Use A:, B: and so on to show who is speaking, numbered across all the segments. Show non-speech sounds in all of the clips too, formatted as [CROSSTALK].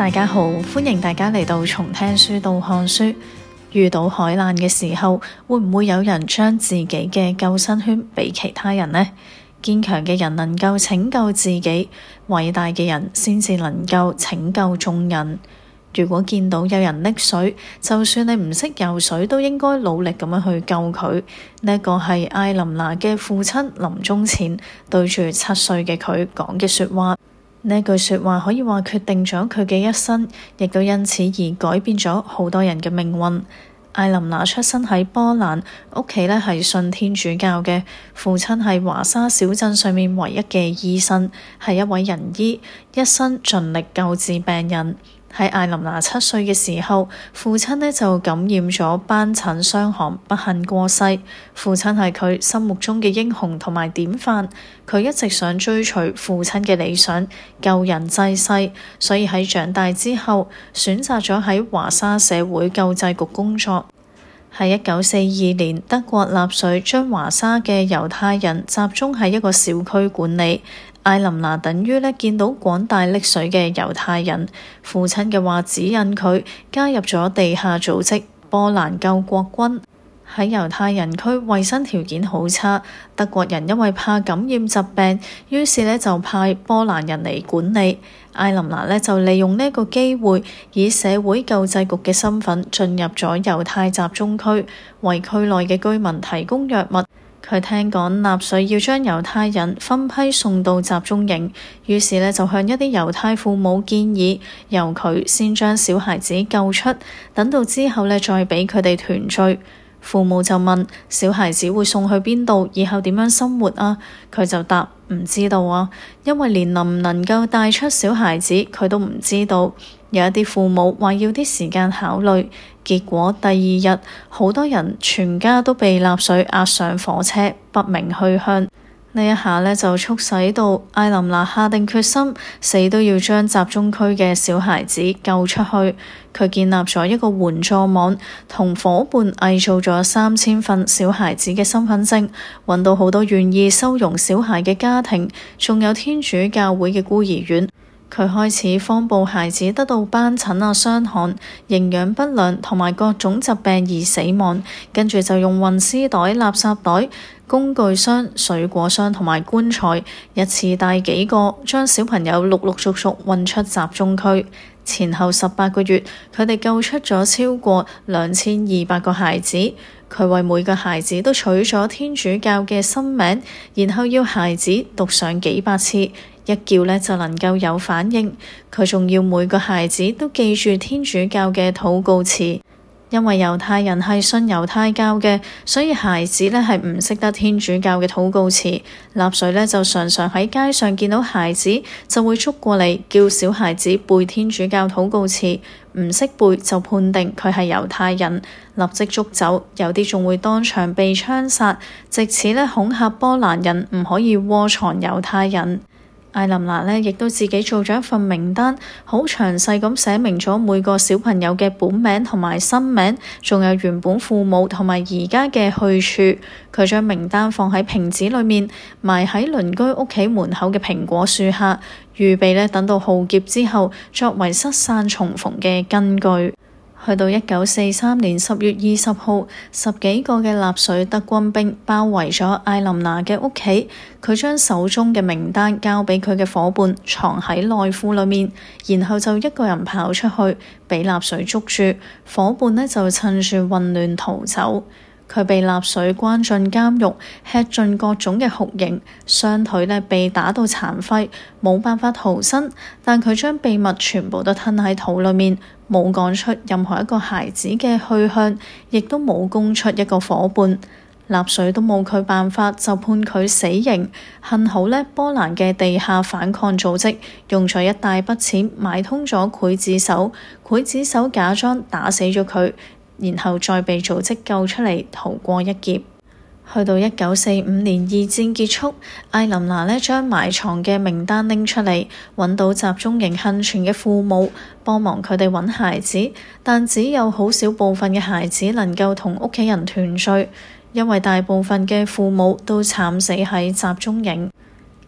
A: 大家好，歡迎大家嚟到從聽書到看書。遇到海難嘅時候，會唔會有人將自己嘅救生圈俾其他人呢？堅強嘅人能夠拯救自己，偉大嘅人先至能夠拯救眾人。如果見到有人溺水，就算你唔識游水，都應該努力咁樣去救佢。呢、這、一個係艾琳娜嘅父親臨終前對住七歲嘅佢講嘅說話。呢句說話可以話決定咗佢嘅一生，亦都因此而改變咗好多人嘅命運。艾琳娜出生喺波蘭，屋企呢係信天主教嘅，父親係華沙小鎮上面唯一嘅醫生，係一位仁醫，一生盡力救治病人。喺艾琳娜七歲嘅時候，父親呢就感染咗斑疹傷寒，不幸過世。父親係佢心目中嘅英雄同埋典範，佢一直想追隨父親嘅理想，救人濟世。所以喺長大之後，選擇咗喺華沙社會救濟局工作。喺一九四二年，德國納粹將華沙嘅猶太人集中喺一個小區管理。艾琳娜等於呢見到廣大溺水嘅猶太人，父親嘅話指引佢加入咗地下組織波蘭救國軍。喺猶太人區，衛生條件好差，德國人因為怕感染疾病，於是呢就派波蘭人嚟管理。艾琳娜呢就利用呢個機會，以社會救濟局嘅身份進入咗猶太集中區，為區內嘅居民提供藥物。佢聽講納粹要將猶太人分批送到集中營，於是呢，就向一啲猶太父母建議，由佢先將小孩子救出，等到之後呢，再俾佢哋團聚。父母就問小孩子會送去邊度，以後點樣生活啊？佢就答唔知道啊，因為連能唔能夠帶出小孩子，佢都唔知道。有一啲父母話要啲時間考慮。結果第二日，好多人全家都被納粹押上火車，不明去向。呢一下呢，就促使到艾琳娜下定決心，死都要將集中區嘅小孩子救出去。佢建立咗一個援助網，同伙伴偽造咗三千份小孩子嘅身份證，搵到好多願意收容小孩嘅家庭，仲有天主教會嘅孤兒院。佢開始謊報孩子得到斑疹啊、傷寒、營養不良同埋各種疾病而死亡，跟住就用運屍袋、垃圾袋、工具箱、水果箱同埋棺材，一次帶幾個，將小朋友陸陸續續運出集中區。前後十八個月，佢哋救出咗超過兩千二百個孩子。佢為每個孩子都取咗天主教嘅新名，然後要孩子讀上幾百次。一叫呢，就能夠有反應，佢仲要每個孩子都記住天主教嘅禱告詞，因為猶太人係信猶太教嘅，所以孩子呢，係唔識得天主教嘅禱告詞。納粹呢，就常常喺街上見到孩子，就會捉過嚟叫小孩子背天主教禱告詞，唔識背就判定佢係猶太人，立即捉走，有啲仲會當場被槍殺，藉此呢恐嚇波蘭人唔可以窩藏猶太人。艾琳娜呢亦都自己做咗一份名單，好詳細咁寫明咗每個小朋友嘅本名同埋新名，仲有原本父母同埋而家嘅去處，佢將名單放喺瓶子裏面，埋喺鄰居屋企門口嘅蘋果樹下，預備咧等到浩劫之後，作為失散重逢嘅根據。去到一九四三年十月二十號，十幾個嘅納粹德軍兵包圍咗艾琳娜嘅屋企，佢將手中嘅名單交俾佢嘅伙伴，藏喺內褲裏面，然後就一個人跑出去，畀納粹捉住，伙伴呢就趁住混亂逃走。佢被納粹關進監獄，吃盡各種嘅酷刑，雙腿呢被打到殘廢，冇辦法逃生。但佢將秘密全部都吞喺肚裏面，冇講出任何一個孩子嘅去向，亦都冇供出一個伙伴。納粹都冇佢辦法，就判佢死刑。幸好呢波蘭嘅地下反抗組織用咗一大筆錢買通咗劊子手，劊子手假裝打死咗佢。然後再被組織救出嚟，逃過一劫。去到一九四五年二戰結束，艾琳娜呢將埋藏嘅名單拎出嚟，揾到集中營幸存嘅父母，幫忙佢哋揾孩子。但只有好少部分嘅孩子能夠同屋企人團聚，因為大部分嘅父母都慘死喺集中營。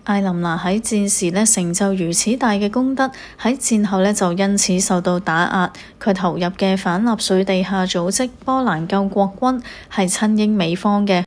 A: 艾琳娜喺戰時咧成就如此大嘅功德，喺戰後咧就因此受到打壓。佢投入嘅反納粹地下組織波蘭救國軍，係親英美方嘅。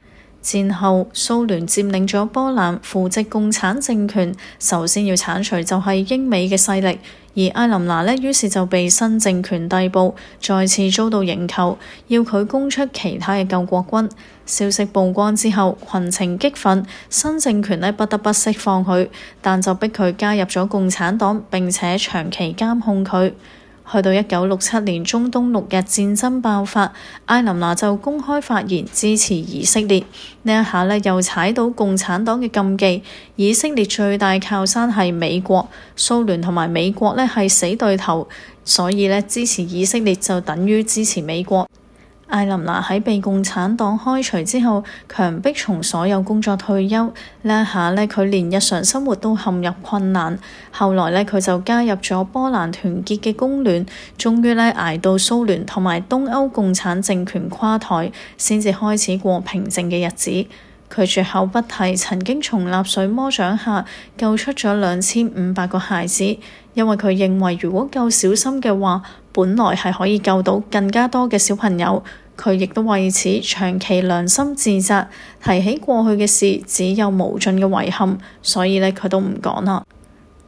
A: 戰後，蘇聯佔領咗波蘭，扶植共產政權。首先要鏟除就係英美嘅勢力，而艾琳娜呢，於是就被新政權逮捕，再次遭到刑求，要佢供出其他嘅救國軍。消息曝光之後，群情激憤，新政權呢不得不釋放佢，但就逼佢加入咗共產黨，並且長期監控佢。去到一九六七年，中東六日戰爭爆發，艾琳娜就公開發言支持以色列。呢一下咧，又踩到共產黨嘅禁忌。以色列最大靠山係美國，蘇聯同埋美國咧係死對頭，所以咧支持以色列就等於支持美國。艾琳娜喺被共產黨開除之後，強迫從所有工作退休。呢下咧，佢連日常生活都陷入困難。後來咧，佢就加入咗波蘭團結嘅工聯，終於咧捱到蘇聯同埋東歐共產政權垮台，先至開始過平靜嘅日子。佢絕口不提曾經從納粹魔掌下救出咗兩千五百個孩子。因為佢認為，如果夠小心嘅話，本來係可以救到更加多嘅小朋友。佢亦都為此長期良心自責，提起過去嘅事只有無盡嘅遺憾，所以呢，佢都唔講啦。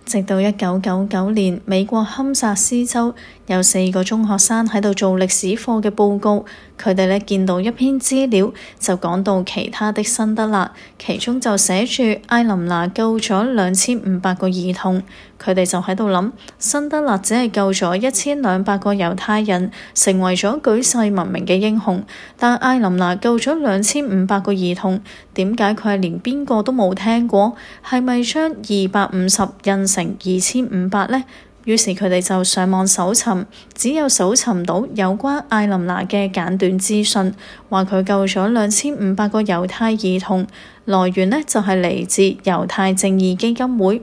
A: 直到一九九九年，美國堪薩斯州有四個中學生喺度做歷史課嘅報告，佢哋呢見到一篇資料就講到其他的辛德勒啦，其中就寫住艾琳娜救咗兩千五百個兒童。佢哋就喺度諗，辛德勒只係救咗一千兩百個猶太人，成為咗舉世聞名嘅英雄。但艾琳娜救咗兩千五百個兒童，點解佢係連邊個都冇聽過？係咪將二百五十印成二千五百咧？於是佢哋就上網搜尋，只有搜尋到有關艾琳娜嘅簡短資訊，話佢救咗兩千五百個猶太兒童，來源咧就係嚟自猶太正義基金會。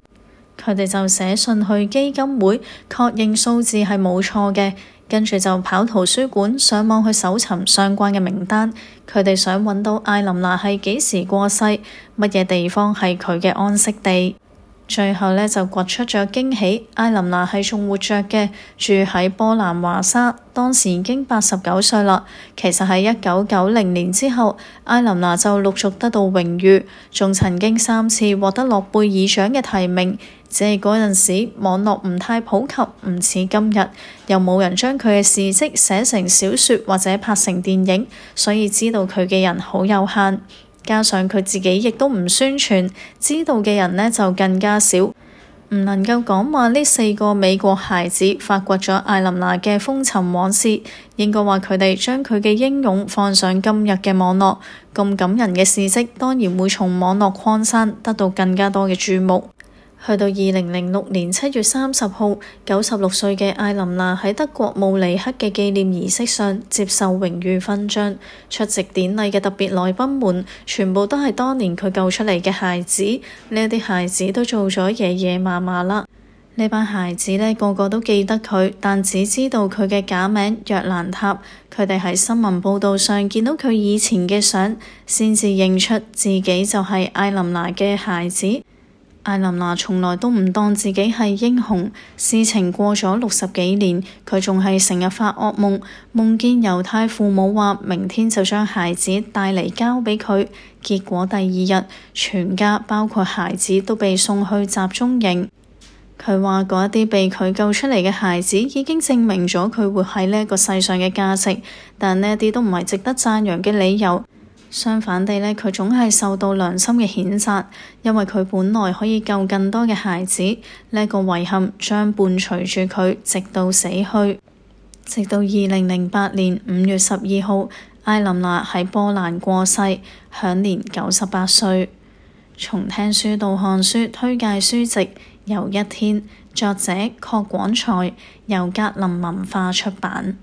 A: 佢哋就寫信去基金會，確認數字係冇錯嘅，跟住就跑圖書館，上網去搜尋相關嘅名單。佢哋想揾到艾琳娜係幾時過世，乜嘢地方係佢嘅安息地。最後呢，就掘出咗驚喜，艾琳娜係仲活着嘅，住喺波蘭華沙，當時已經八十九歲啦。其實喺一九九零年之後，艾琳娜就陸續得到榮譽，仲曾經三次獲得諾貝爾獎嘅提名。只係嗰陣時網絡唔太普及，唔似今日，又冇人將佢嘅事蹟寫成小說或者拍成電影，所以知道佢嘅人好有限。加上佢自己亦都唔宣傳，知道嘅人呢就更加少，唔能夠講話呢四個美國孩子發掘咗艾琳娜嘅風塵往事，應該話佢哋將佢嘅英勇放上今日嘅網絡，咁感人嘅事蹟當然會從網絡擴散得到更加多嘅注目。去到二零零六年七月三十號，九十六歲嘅艾琳娜喺德國慕尼黑嘅紀念儀式上接受榮譽勛章。出席典禮嘅特別來賓們全部都係當年佢救出嚟嘅孩子，呢啲孩子都做咗爺爺嫲嫲啦。呢 [MUSIC] 班孩子呢個個都記得佢，但只知道佢嘅假名約蘭塔。佢哋喺新聞報道上見到佢以前嘅相，先至認出自己就係艾琳娜嘅孩子。艾琳娜從來都唔當自己係英雄。事情過咗六十幾年，佢仲係成日發噩夢，夢見猶太父母話：明天就將孩子帶嚟交俾佢。結果第二日，全家包括孩子都被送去集中營。佢話：嗰啲被佢救出嚟嘅孩子已經證明咗佢活喺呢個世上嘅價值，但呢啲都唔係值得讚揚嘅理由。相反地呢，佢總係受到良心嘅譴責，因為佢本來可以救更多嘅孩子，呢、這個遺憾將伴隨住佢直到死去。直到二零零八年五月十二號，艾琳娜喺波蘭過世，享年九十八歲。從聽書到看書，推介書籍又一天，作者郝廣才，由格林文化出版。